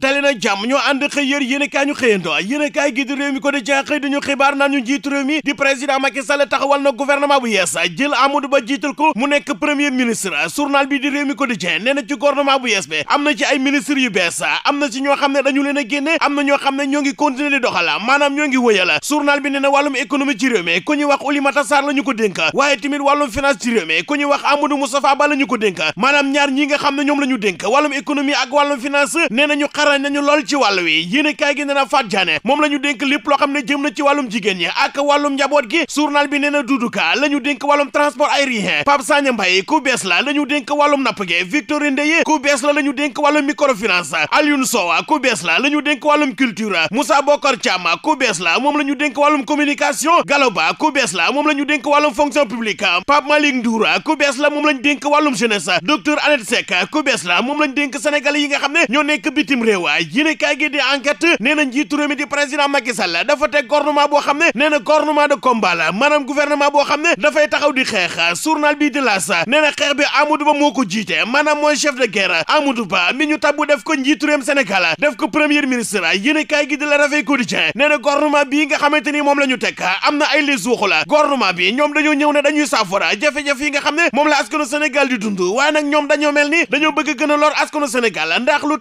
dale na jàmm ñoo ànd xëy yër yéenekaay ñu xëyando yéenekaay gi di réew mi ko di xëy dañu xibaar naan ñu njiitu réew mi di président Macky Sall wal na gouvernement bu yees jël Amadou Ba jiital ko mu nekk premier ministre journal bi di réew mi ko di jeex na ci gouvernement bu yees bi am na ci ay ministre yu bees am na ci ñoo xam ne dañu leen a génne am na ñoo xam ne ñoo ngi continuer di doxal maanaam ñoo ngi wëyal journal bi nee na wàllum économie ci réew mi ku ñuy wax la ñu ko dénk waaye tamit ci réew mi ku ñuy wax Amadou Moustapha ñu ko dénk maanaam ñaar ñi nga xam ne ñoom la ñu dénk wàllum économie ak wàllum finance nee na xarañ nañu lool ci wàll wi yéenekaay gi nee na Fatou Diané moom la ñu dénk lépp loo xam ne jëm na ci wàllum jigéen ñi ak wàllum njaboot gi journal bi nee na Doudou Ka la ñu dénk wàllum transport aérien Pape Sagna Mbaye ku bees la la ñu dénk wàllum napp gi Victorine Ndeye ku la la ñu dénk wàllum microfinance Alioune Sow ku la la ñu dénk wàllum culture Moussa Bokar Thiam la moom la ñu dénk wàllum communication Gallo la moom la ñu dénk wàllum fonction publique Pape Malick Ndour la moom la ñu dénk wàllum jeunesse docteur Annette Seck la moom la ñu dénk yi nga xam ne ñoo nekk bitim réew waay yéen kaay gi di enquête nee na njiitu réew mi di président Macky Sall dafa teg gouvernement boo xam ne nee na gouvernement de combat la maanaam gouvernement boo xam ne dafay taxaw di xeex journal bi di laas nee na xeex bi Amadou Ba moo ko jiite maanaam mooy chef de guerre Amadou Ba mi ñu tabbu def ko njiitu réewum Sénégal def ko premier ministre yéen kaay di la rafet quotidien nee na gouvernement bii nga xamante ni moom la ñu teg am na ay les suuxu la gouvernement bi ñoom dañoo ñëw ne yi nga xam ne moom la askanu Sénégal di dund waaye nag ñoom dañoo mel ni dañoo bëgg gën a lor askanu Sénégal ndax lu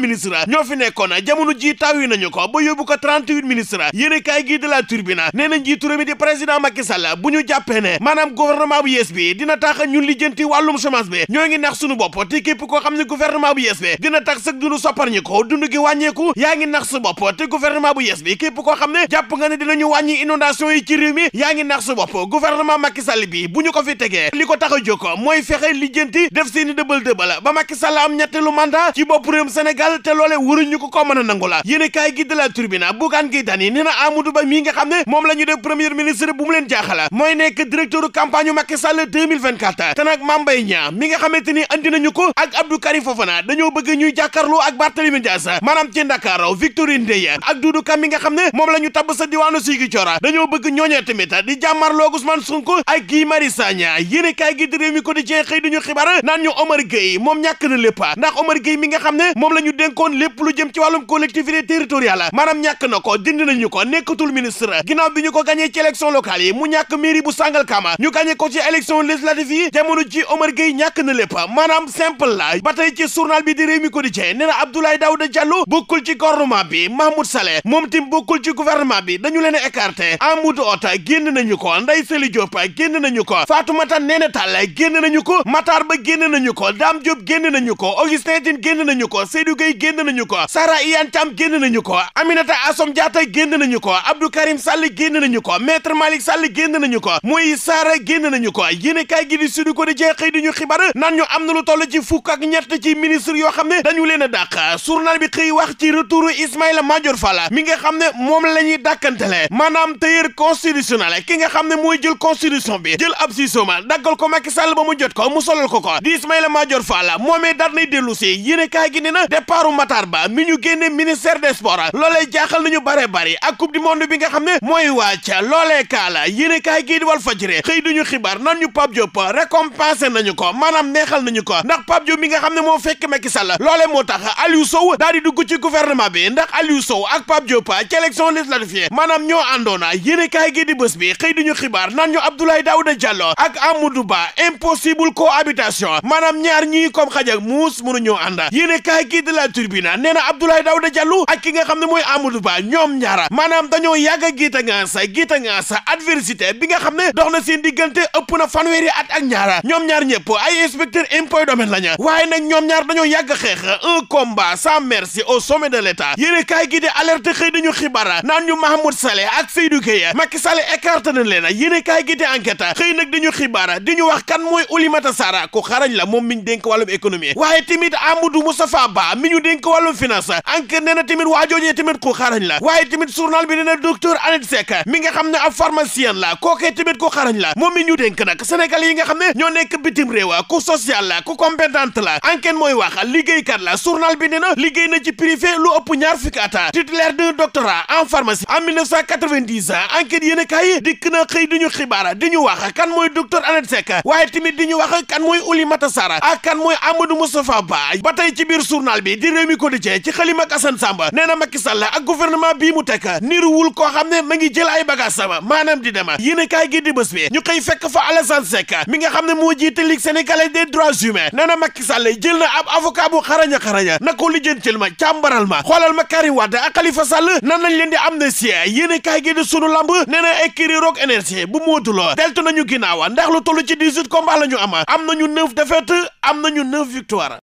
ministre ñoo fi nekkoon jamono ji taw yi nañu ko ba yóbbu ko 38 ministre yéen kaay gii de la Tribune nee na njiitu réew mi di président Macky Sall bu ñu jàppee ne maanaam gouvernement bu yees bi dina tax ñun lijjanti wàllum chômage bi ñoo ngi nax suñu bopp te képp koo xam ne gouvernement bu yees bi dina tax sëg dund sopparñi ko dund gi wàññeeku yaa ngi nax su bopp te gouvernement bu yees bi képp koo xam ne jàpp nga ne dinañu yi ci réew mi yaa ngi nax su bopp ñu ko fi tegee li ko tax a jóg mooy fexe lijjanti def seeni dëbal dëbal ba ñetteelu mandat ci bopp réewum Sall te loole waruñu ko ko mën a nangu la yéen kaay gi de la Tribune Bougane Gueye Dany nee na Amadou mii nga xam ne moom la ñu def ministre bu mu leen jaaxala mooy nekk directeur campagne Macky Sall 2024 te nag Mame Mbaye mi nga xamante ni andi nañu ko ak Abdou Karim Fofana dañoo bëgg ñuy jàkkaarloo ak Barthélémy Dias maanaam ci Ndakaaru Victorine Ndeye ak Doudou mi nga xam ne moom la ñu tabb sa diwaanu Ziguinchor dañoo bëgg ñooñee tamit di jàmmarloo Ousmane ñu dénkoon lépp lu jëm ci wàllum collectivité territoriale maanaam ñàkk na ko dindi nañu ko ministre ginnaaw bi ñu ko gàñee ci yi mu ñàkk mairie bu Sangalkam ñu gàñee ko ci élection législative yi ji Omar Gueye ñàkk na lépp maanaam simple la ba tey ci journal bi di Rewmi Quotidien na Abdoulaye Daouda Diallo bokkul ci gouvernement bi Mahmoud Saleh moom tim bokkul ci gouvernement bi dañu leen écarté Amadou Hott génn nañu ko Ndeye Saly Diop Gueye génn nañu ko Sara Iyane Thiam génn na ko Aminata Assome Diatta génn nañu ko Abdou Karim Sall génn nañu ko Maître Malick Sall génn nañu ko ko yéen kaay gi di Sud Quotidien xëy di ñu xibaar ñu am na lu toll ci fukk ak ñett ci ministre yoo xam ne dañu leen a dàq journal bi xëy wax ci retouru Ismaïla Madior Fall mi nga xam ne moom la ñuy dàkkantele maanaam tailleur constitutionnel ki nga xam ne mooy jël constitution bi jël ab siisooma daggal ko Macky Sall ba mu jot ko mu solal ko ko di Ismaïla départu Matar Ba mi ñu génne ministère des sports loolee jaaxal nañu bare bari ak coupe du monde bi nga xam ne mooy wàcca loolee kaala yéen a kaay gii di Walf Fadjri xëy duñu xibaar nan ñu Pape Diop récompensé nañu ko maanaam neexal nañu ko ndax Pape Diop mi nga xam ne moo fekk Macky Sall loolee moo tax Aliou Sow daal di dugg ci gouvernement bi ndax Aliou Sow ak Pape Diop ci élection législative maanaam ñoo àndoona yéen a kaay gii di bés bi xëy duñu xibaar nan ñu Ba impossible cohabitation maanaam ñaar ñii comme xaj ak muus a la turbina nee na Abdoulaye Daouda Diallo ak nga xam ne mooy Amadou Ba ñoom ñaara maanaam dañoo yàgg a giita ngaasa giita ngaasa adversité bi nga xam ne dox na seen diggante ëpp na fanweeri at ak ñaara ñoom ñaar ñëpp ay inspecteur impôt domaine la ña waaye nag ñoom ñaar dañoo yàgg xeex un combat sans merci au sommet de l'état yéene kaay gi di alerte xëy dañu xibara naan ñu Mahmoud Saleh ak Seydou Gueye Macky Sall écarté na leen yéene kaay gi di enquête xëy nag dañu xibara di ñu wax kan mooy Oulimata Sarr la moom miñ dénk wàllum économie waaye tamit bi ñu dénk wàllum finance enquête nee na tamit waajoojee tamit ku xarañ la waaye tamit journal bi nee na docteur Annette Seck mi nga xam ne ab pharmacien la kookee tamit ku xarañ la moom mi ñu dénk nag Sénégal yi nga xam ne ñoo nekk bitim réew ku social la ku compétente la enquête mooy wax liggéeykat la journal bi nee na liggéey na ci privé lu ëpp ñaar fukki at titulaire d'un en pharmacie en 1990 enquête a dikk na xëy di ñu xibaar di kan mooy docteur Annette Seck waaye tamit di ñu wax kan mooy Oulimata Sarr ak kan tey ci biir journal bi di Rewmi Quotidien ci xalima ak Assane Samba nee na Macky a ak gouvernement bii mu tekk niruwul ko xam ne ma ngi jël ay bagage sama maanaam di dema yéen a kaay gi di bés bi ñu koy fekk fa Alassane Seck mi nga xam ne moo jiite Ligue sénégalaise des droits humains nee na Macky Sall jël na ab avocat bu xaraña xaraña na ko lijjantil ma càmbaral ma xoolal ma Karim Wade ak Khalifa Sall nan lañ leen di am yéen a kaay gi di sunu lamb nee na écurie Rock Énergie bu mootuloo deltu nañu ginnaawa ndax lu toll ci 18 am nañu neuf défaite am nañu neuf victoire